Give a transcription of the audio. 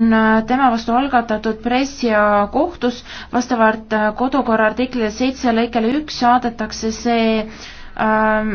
on äh, tema vastu algatatud press ja kohtus vastavalt äh, kodukorra artiklile seitse lõikele üks saadetakse see ähm,